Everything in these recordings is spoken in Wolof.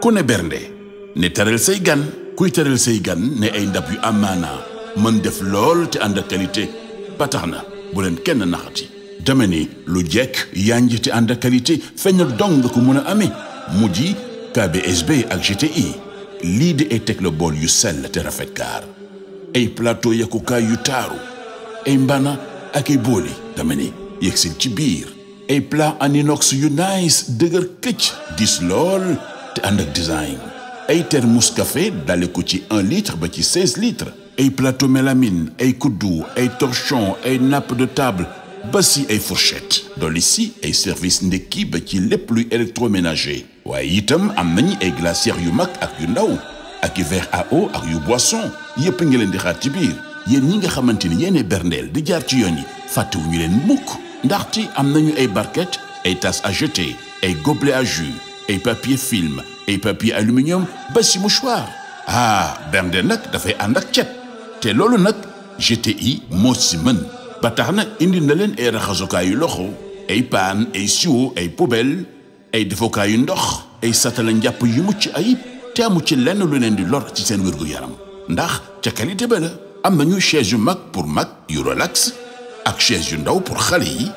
ku ne bernde ne teral say gan kuy teral say gan ne ay ndab yu am amaanaa mën def lool te ànd ak qualité ba na bu leen kenn naxati dama ni lu jekk yanj te ànd ak qualité feeñ dong nga ko mën a amee mujj KBSB ak GTI lii di ay teg la bool yu sell te rafet ay plateau yakkukaay yu taaru ay mbana ak ay booli dama ni yegg ci biir ay plat en yu nice dëgër këcc dis lool te ànd ak design ay thermos café dale ko ci 1 litre ba ci 16 litres ay plateau mélamine ay kudu ay torchon ay nappe de table ba si ay fourchette dolli si ay service ndekki ba ci lépp luy électroménager waaye itam am nañu ay glacières yu mag ak yu ndaw ak yu verre à eau ak yu boisson yépp ngi leen di xaar ci biir yéen ñi nga xamante ni yéenee berndeel di jaar ci yoon yi fàttewu ñu leen muk ndaxte am nañu ay barquette ay tas à jeter ay gobelet à jus ay papier film ay papier aluminium ba si mouchoir ah bernde nag dafay ànd ak cet te loolu nag GTI moo si mën ba tax na indi na leen ay raxasukaayu loxo ay paan ay siwo ay poubelle ay defukaayu ndox ay satala njàpp yu mucc ayib te amu ci lenn lu leen di lor ci seen wér-gu-yaram ndax ca qualité ba la am nañu chaise yu mag pour mag yu relax ak chaise yu ndaw pour xale yi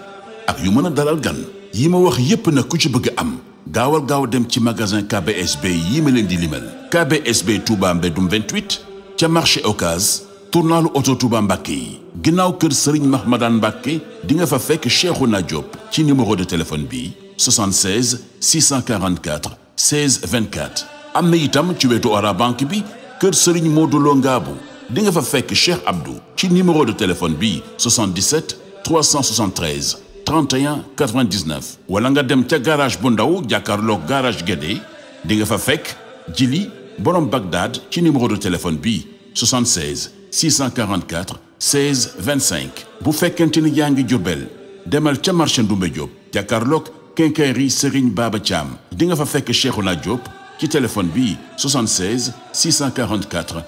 ak yu mën a dalal gan yi ma wax yépp nag ku ci bëgg am gaawal gaaw dem ci magasin KBSB yi ma leen di limal KBSB Touba Mbédum 28 ca marché Ocass tournalu auto Touba Mbàkke yi ginnaaw kër Serigne Mahmadan Mbàkke di nga fa fekk Cheikhouna Diop ci numéro de téléphone bi 76 644 16 24 am na itam ci wetu ora banque bi kër Serigne Modou Lo Ngaabu di nga fa fekk Cheikh Abdou ci numéro de téléphone bi 77 373 31 99 wala nga dem ca garage bu ndaw jàkkaarloog garage Guédé di nga fa fekk Jili borom Bagdad ci numéro de téléphone bi 76 644 16 25 bu fekkente ni yaa ngi Jurbel demal ca marché Ndoumbé Diop jàkkaarloog quincaillerie Serigne Baba Thiam di nga fa fekk naa Diop ci téléphone bi 76 644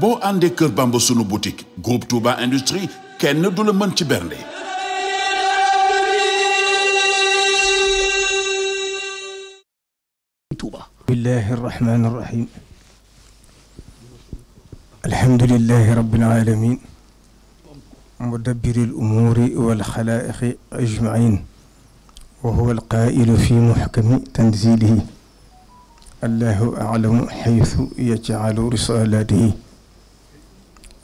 boo àndee Kër Bamba sunu boutique groupe Touba Industrie kenn du la mën ci bernde bismillahi arrahmani irrahim alhamdulilahi rabilalamin mudabbiri alumuuri walxalaaiqi ajmain wa huwa alqaa'ilu fi muxkami tanzilihi allahu aclamu xaytu yajcalu risaalaatihi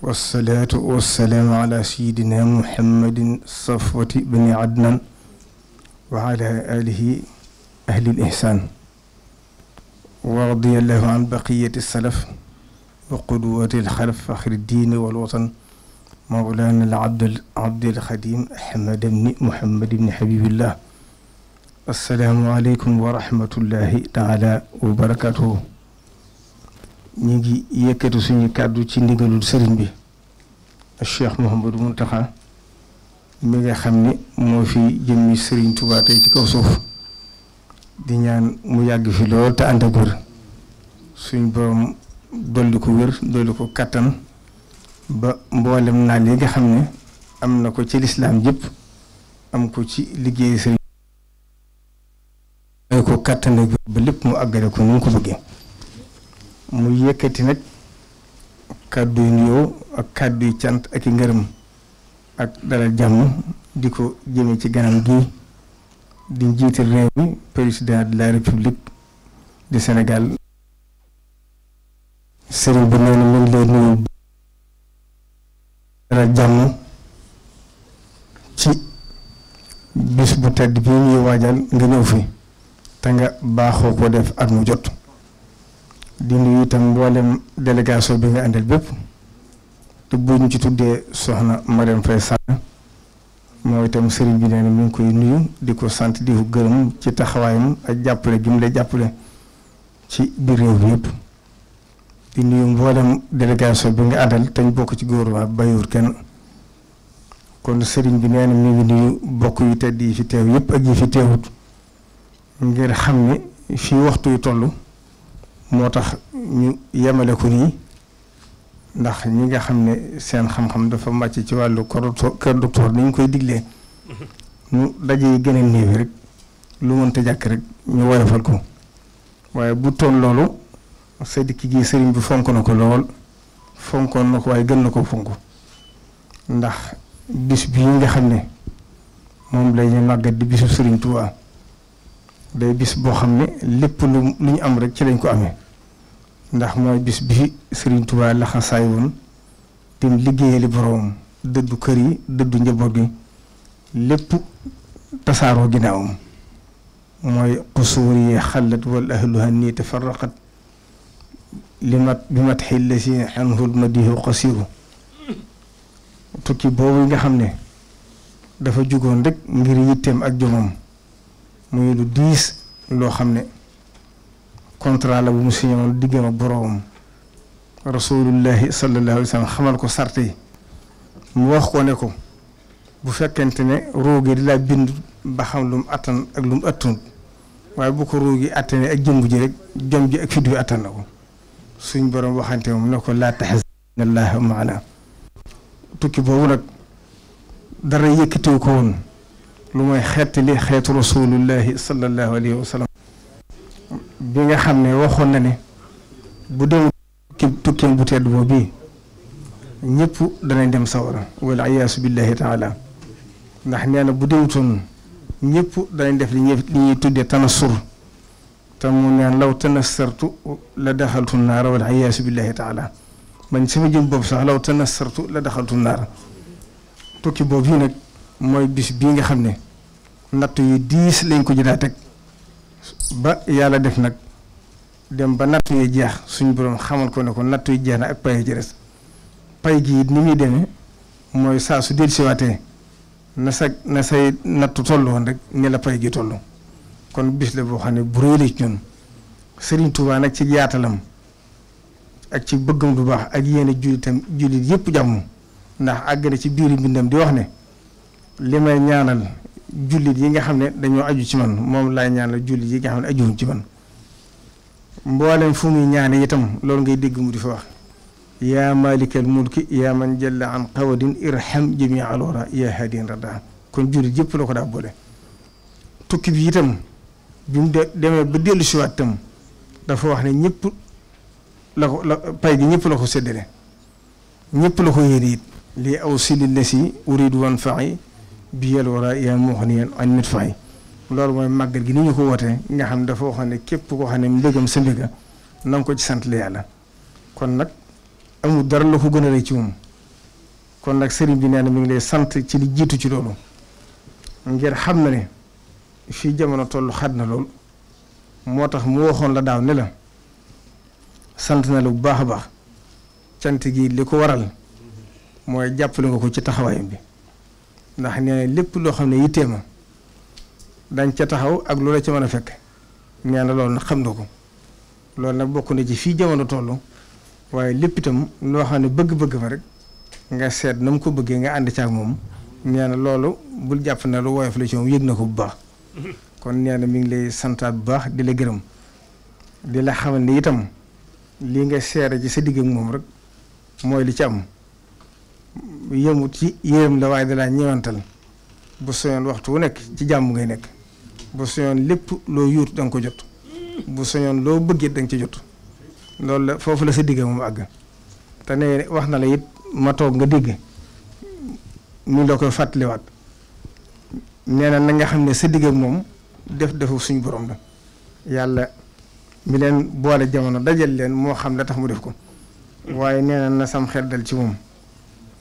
wassalaatu wassalaamu ala sayidina muhammadin safwati bani adnan wa ala alihi ahli alihsaan wa radiyallahu an baqiyati salaf wa qudwati alxalaf faxri diini wal watan mawlaana al abdul abdul xadim ahmad ibni muhammad ibni habibillah assalaamu aleykum wa rahmatullahi taala wa barakatuhu ñu ngi yëkkati suñu kàddu ci ndigalul sëriñ bi Cheikh Mouhamadou Mountakha mi nga xam ne moo fi jëmmi sëriñ Tuubaa ci kaw suuf di ñaan mu yàgg fi lool te ànd ak wér suñ borom dolli ko wér dolli ko kàttan ba mboolem naal yi nga xam ne am na ko ci lislaam yëpp am ko ci liggéey sëriñ mooy ko kàttan ak wér ba lépp mu àggale ko ni mu ko bëggee mu yëkkati nag kàddu yu ak kàddu cant ak i ngërëm ak dalal jàmm di ko jëme ci ganam gi di njiital réew mi président de la république du Sénégal sëriñ bi nee na mu ngi lay nuyu jàmm ci bis bu tedd bi ñuy waajal nga ñëw fi te nga baaxoo ko def ak mu jot di nuyu itam mboolem délégation bi nga àndal bépp te bu ci tuddee soxna Marième Faye Sall mooy itam sëriñ bi nee na mi ngi koy nuyu di ko sant di gërëm ci taxawaayam ak jàppale gi mu lay jàppale ci biir réew bi di nuyu mboolem délégation bi nga àndal te ñu bokk ci gouvernement bàyyiwul kenn kon sëriñ bi nee na mi ngi nuyu bokk yu tedd yi fi teew yëpp ak yi fi teewut ngir xam ni fii waxtu yu toll moo tax ñu yemale ko nii ndax ñi nga xam ne seen xam-xam dafa màcc ci wàllu kër docteur ni ñu koy diglee ñu daje yi gën a néew rek lu mënta jàkk rek ñu woyofal ko waaye bu toon loolu sa dikk gi sëriñ bi fonk na ko lool fonkoon na ko waaye gën na ko fonk ndax bis bii nga xam ne moom la ñu màggat di bisu sëriñ Tuubaa day bis boo xam ne lépp lu lu ñu am rek ci lañ ko amee ndax mooy bis bi Serigne Touba laxasaay woon tim liggéeyali boroom dëddu kër yi dëddu njaboot gi lépp tasaaroo ginnaawam mooy xusuur yi xalat wal ahluha nii tafarraqat li mat bi mat xilla si anhul madihu qasiru tukki boobu nga xam ne dafa jógoon rek ngir yitteem ak jomam muy lu diis loo xam ne contrat la bu mu signé woon diggam ak boroomam rasulullahi sallallahu alayhi xamal ko sarte yi mu wax ko ne ko bu fekkente ne roogi di laa bind ba xam lu mu attan ak lu mu attun waaye bu ko roogi attane ak jëmb ji rek jom ji ak fit bi attan na ko suñ borom waxante moom ne ko laa taxas inna tukki boobu nag dara yëkkatiw ko woon lu mooy xeetali xeetu rasulullahi sallallahu alayhi wa bi nga xam ne waxoon na ne bu dem tukkeem bu tedd boobu bii ñëpp danañ dem sawara wala ayaasu billahi taala ndax nee na bu déwutoon ñëpp danañ def li ñuy li ñuy tuddee tanasur te mu neen law tanasartu la daxaltu naara wala ayaasu billahi taala man sama boobu sax law tanasartu la daxaltu naara tukki boobu yi nag mooy bis bii nga xam ne natt yu diis lañ ko jëdaa teg ba yàlla def nag dem ba nattu yi jeex suñu borom xamal ko ne ko nattu yi jeex na ak pay ci pay gi ni muy demee mooy saa su dellusiwaatee na sa na say nattu tollu woon rek ni la pay gi toll kon bis la boo xam ne bu réy la ci nag ci yaatalam ak ci bëggam bu baax ak yenn jullitam jullit yëpp jàmm ndax àgg na ci biir mbindam di wax ne li may ñaanal jullit yi nga xam ne dañoo aju ci man moom laay ñaan la jullit yi nga xam ne ajuwuñ ci man mboolem fu muy ñaane itam loolu ngay dégg mu di fa wax yaa malikal mulki yaa man jalla an qawadin irham jamii al wara yaa hadin rada kon jullit yëpp la ko daa boole tukki bi itam bi mu demee ba dellu siwaat itam dafa wax ne ñëpp la ko pay gi ñëpp la ko séddale ñëpp la ko yéene it lii aw silil la si uridu wan faxi bi yàlla war a yaa moo xam ne yéen añ fay loolu mooy màggal gi ni ñu ko wootee nga xam ne dafa waxoon ne képp koo xam ne mbégam sa mbéga na ko ci sant la yàlla kon nag amul dara la ko gën a rëy ci moom kon nag sëriñ bi nee na mi ngi lay sant ci li ci loolu ngir xam na ne fii jamono toll xat na lool moo tax mu waxoon la daaw ne la sant na la bu baax a baax cant gi li ko waral mooy jàppale nga ko ci taxawaayam bi ndax nee lépp loo xam ne yittee ma dañ ca taxaw ak loola ca mën a fekk nee na loolu nag xam na ko loolu nag bokk na ci fii jamono toll waaye lépp itam loo xam ne bëgg-bëgg ma rek nga seet na mu ko bëggee nga ànd ci ak moom nee loolu bul jàpp ne lu woyof la ci moom yëg na ko bu baax kon nee na mi ngi lay santaat bu baax di la gërëm di la xamal ne itam lii nga seere ci sa digg ak moom rek mooy li ci am yëmut ci yërëm la waaye dalaa ñëwantal bu soñoon waxtu wu nekk ci jàmm ngay nekk bu soñoon lépp loo yuut da ko jot bu soñoon loo bëggee da nga jot loolu la foofu la sa digg moom àgg te ne wax na la it ma toog nga dégg mu la koy fàttaliwaat nee na na nga xam ne sa digg moom def defu suñ borom la yàlla mi leen boole jamono dajal leen moo xam la tax mu def ko waaye nee na na sam xel ci moom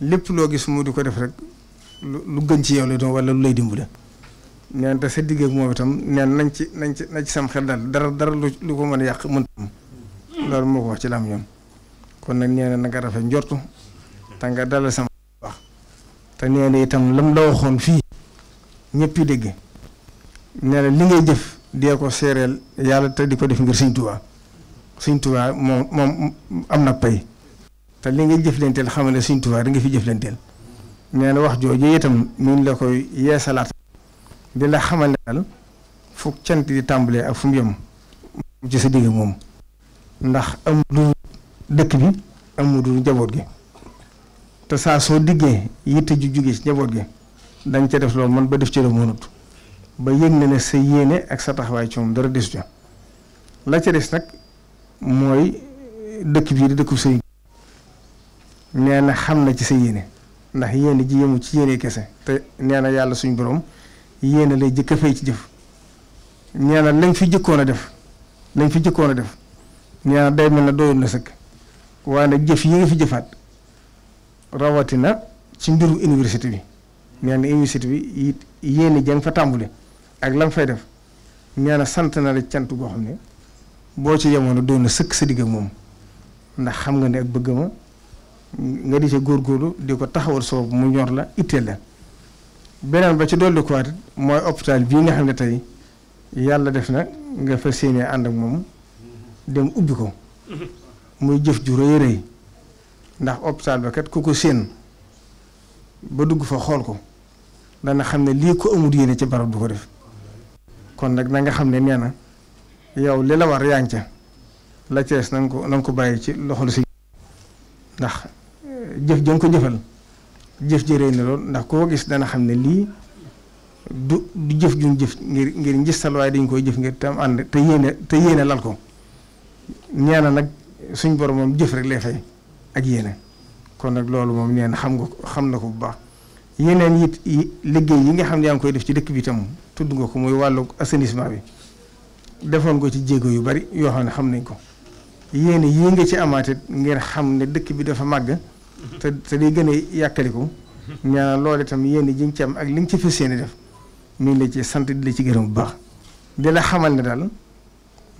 lépp loo gis mu di ko def rek lu gën ci yow la doon wala lu lay dimbale. neen te sa digg ak moom itam neen nañ ci nañ ci nañ ci sam xel daal dara dara lu ko mën a yàq mënut am loolu moo ko wax ci la am kon nag nee na nga rafet njortu te nga dalal sama wax te nee na itam lam la waxoon fii ñëpp yi dégg nee na li ngay jëf dee ko séeréel yàlla te di ko def ngir Sëñ Tuubaa Sëñ Tuubaa moom moom am na pay te li ngay jëflanteel xam ne Sëriñ Tuubaa da nga fi jëflanteel nee na wax jooju itam ñu ngi la koy yeesalaat di la xamal ne daal fu cant di tàmbalee ak fu mu yem ci sa digg moom ndax am du dëkk bi am du njaboot gi te saa soo diggee yitte ju jóge ci njaboot gi dañ ca def loolu man ba def ci la mënut ba yëg na ne sa yéene ak sa taxawaay ci moom dara des jo la ca des nag mooy dëkk bii di dëkku sëriñ nee na xam na ci sa yéene ndax yéene ji yemu ci yéene kese te nee na yàlla suñu borom yéene lay jëkka a fay ci jëf nee na lañ fi jëkkoon a def lañ fi jëkkoon a def nee na day mel ne doyoon na sëkk waaye nag jëf yi nga fi jëfaat rawatina ci mbiru université bi nee na université bi it yéene jang fa tàmbule ak lam fay def nee sant na la cant goo xam ne boo ci yemoon a doon na sëkk sa digg moom ndax xam nga ne ak bëgg ma nga di góor góorlu di ko taxawal soobu mu ñor la itteel la beneen ba ci dolli ko waat mooy hôpital bii nga xam ne tey yàlla def na nga fas yéene ànd ak moom dem ubbi ko muy jëf ju rëy rëy ndax hôpital ba kat ku ko séen ba dugg fa xool ko dana xam ne lii ko amul yéene ci barab du ko def kon nag na nga xam ne nee na yow li la war yaa ca la cees na ko na ko bàyyi ci loxol si ndax jëf jën ko jëfal jëf ji rëy na lool ndax koo gis dana xam ne lii du du jëf juñ jëf ngir ngir njëstal waaye dañ koy jëf ngir tam ànd te yéene te yéene lal ko ñaana nag suñ borom moom jëf rek lay ak yéene kon nag loolu moom nee na xam nga xam na ko bu baax yeneen it liggéey nga xam yaa ngi koy def ci dëkk bi tam tudd nga ko muy wàllu assainissement bi defoon ko ci jéego yu bari yoo xam ne xam nañ ko yéene yii nga ci amaate ngir xam ne dëkk bi dafa màgg te te day gën a yàkkaliku ñaanal loolu itam yéen ji nga ci am ak li nga ci fas yéene def ñu la ci sant di la ci gërëm bu baax. di la xamal ne daal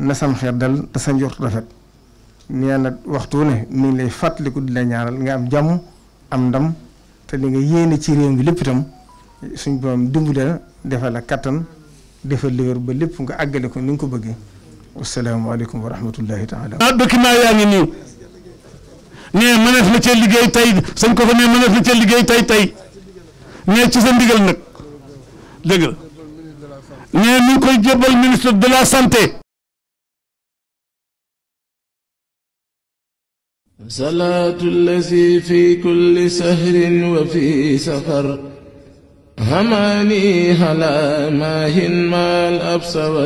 na sam xel dal te sa njort rafet nee na waxtu ne mi ngi lay fàttaliku di la ñaanal nga am jàmm am ndam te li nga yéene ci réew mi lépp itam suñ borom dimbali la defal la kàttan defal li ba lépp nga àggale ko ni nga ko bëggee. asalaamaaleykum wa rahmatullahi taala. Ah, nee mënees na cee liggéey tey sëñ ko fa nee mënees na cee liggéey tey tey nee ci sa ndigal nag dëgg la nee ñu de la santé. salaatu llazi fi kulli sahrin wa fi safar hamani hala maahin maal absa wa